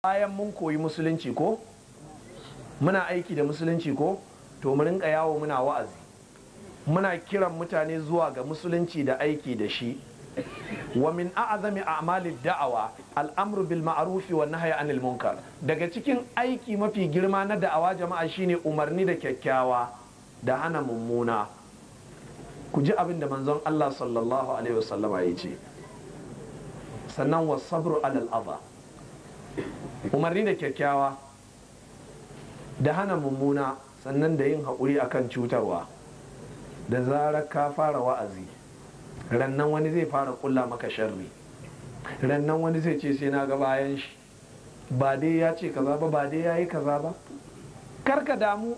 bayan mun koyi musulunci ko muna aiki da musulunci ko to mu rinka yawo muna wa'azi muna kiran mutane zuwa ga musulunci da aiki da shi wa min a'azami a'malid da'awa al'amru bil ma'ruf wa nahyi anil munkar daga cikin aiki mafi girma na da'awa jama'a shine umarni da kyakkyawa da hana mummuna ku ji abin da manzon Allah sallallahu alaihi wasallama ya ce sannan wasabru alal adha umarni da kyakkyawa da hana mummuna sannan da yin haƙuri akan cutarwa da zarar ka fara wa'azi rannan wani zai fara ƙulla maka sharri rannan wani zai ce sai na ga bayan shi ba dai ya ce kaza ba ba dai ya yi kaza ba karka damu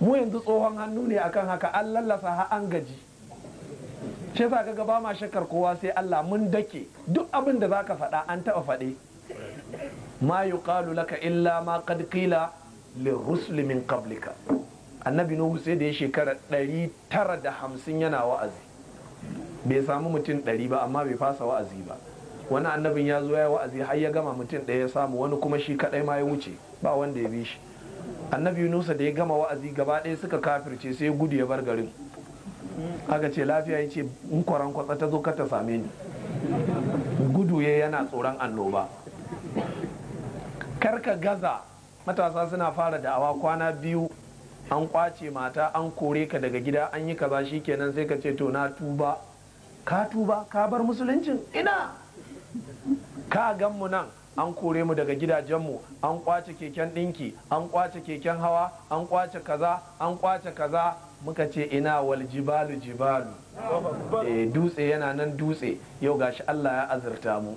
mu yanzu tsohon hannu ne akan haka an lallasa ha an gaji shi sa ka ba ma shakar kowa sai Allah mun dake duk abin da zaka faɗa an taɓa faɗe ma yuqalu laka illa ma qad qila lirrusul min qablika annabi nuhu sai da ya shekara 950 yana wa'azi bai samu mutum 100 ba amma bai fasa wa'azi ba wani annabin ya zo ya wa'azi har ya gama mutum ɗaya ya samu wani kuma shi kadai ma ya wuce ba wanda ya bi shi annabi yunusa da ya gama wa'azi gaba ɗaya suka kafirce sai gudu ya bar garin aka ce lafiya ya ce in kwaran kwatsa ta zo ka ta same ni gudu ya yana tsoron annoba karka gaza matasa suna fara da'awa kwana biyu an kwace mata an kore ka daga gida an yi kaza shikenan sai ka ce to na tuba ka tuba ka bar musuluncin ina ka gan mu nan an kore mu daga gidajen mu an kwace keken ɗinki an kwace keken hawa an kwace kaza an kwace kaza muka ce ina wal jibalu eh, dutse yana nan dutse yau gashi Allah ya azurta mu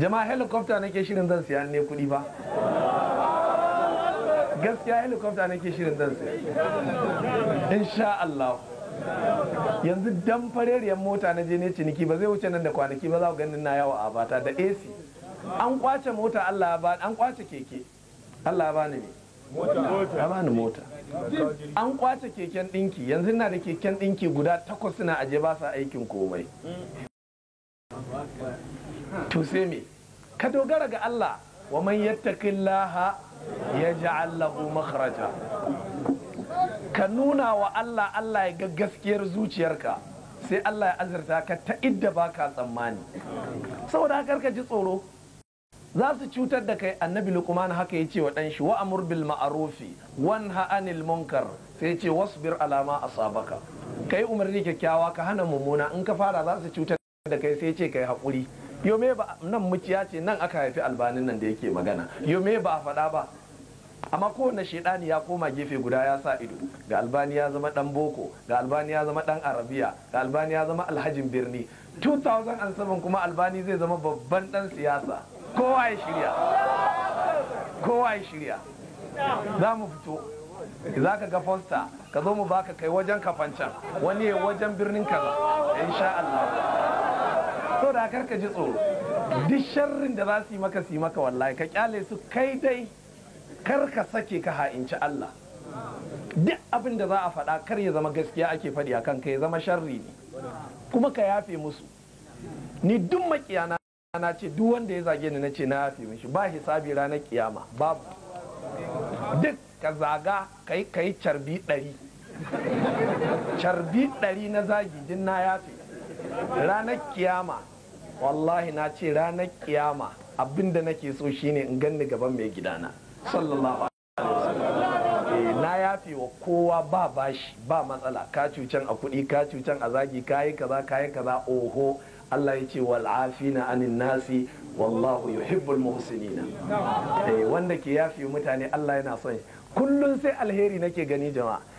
jama'a helicopter nake shirin zan siya ne kuɗi ba gaskiya helicopter nake shirin zan siya insha Allah yanzu dan fareriyar mota na je ne ciniki ba zai wuce nan da kwanaki ba za ku ganin na yawa a bata da AC an kwace mota Allah ba an kwace keke Allah ba ni mota ba ni mota an kwace keken dinki yanzu ina da keken dinki guda takwas suna aje ba sa aikin komai to me ka dogara ga Allah wa man yattaqillaha yaj'al lahu makhraja ka nuna wa Allah Allah ya ga gaskiyar zuciyarka sai Allah ya azurta ka ta idda baka tsammani saboda haka ka ji tsoro za su cutar da kai annabi luqman haka ya ce wa dan shi wa amur bil ma'rufi wanha anil munkar sai ce wasbir alama asabaka kai umarni kyakkyawa ka hana mummuna in ka fara za su cutar da kai sai ce kai haƙuri yome me ba nan mukiya ce nan aka haifi albanin nan da yake magana yome me ba a faɗa ba amma kowane shaidani ya koma gefe guda ya sa ido ga albani ya zama dan boko ga albani ya zama dan arabiya ga albani ya zama alhajin birni 2007 kuma albani zai zama babban dan siyasa kowa ya shirya kowa ya shirya za mu fito za ka ga fosta ka zo mu baka kai wajen kafancan wani ya wajen birnin kaza insha Allah so da karka ji tsoro duk sharrin da za su yi maka su yi maka wallahi ka kyale su kai dai kar ka sake ka ha'inci Allah duk abin da za a faɗa kar ya zama gaskiya ake faɗi a kanka ya zama sharri ne kuma ka yafe musu ni duk makiyana na ce duk wanda ya zage ni na ce na yafe mishi ba hisabi ranar kiyama babu duk ka zaga kai kai carbi ɗari carbi ɗari na zagi jin na yafe ranar kiyama wallahi na ce ranar kiyama abinda nake so shine in ganni gaban mai gidana sallallahu eh, na yafe wa kowa ba bashi ba matsala ka cucan a kuɗi ka cucan a zagi kayi kaza kayi kaza oho Allah ya ce wal'afina anin nasi wallahu yuhibbul muhsinina eh, wanda ke yafe mutane Allah yana son kullum sai alheri nake gani jama'a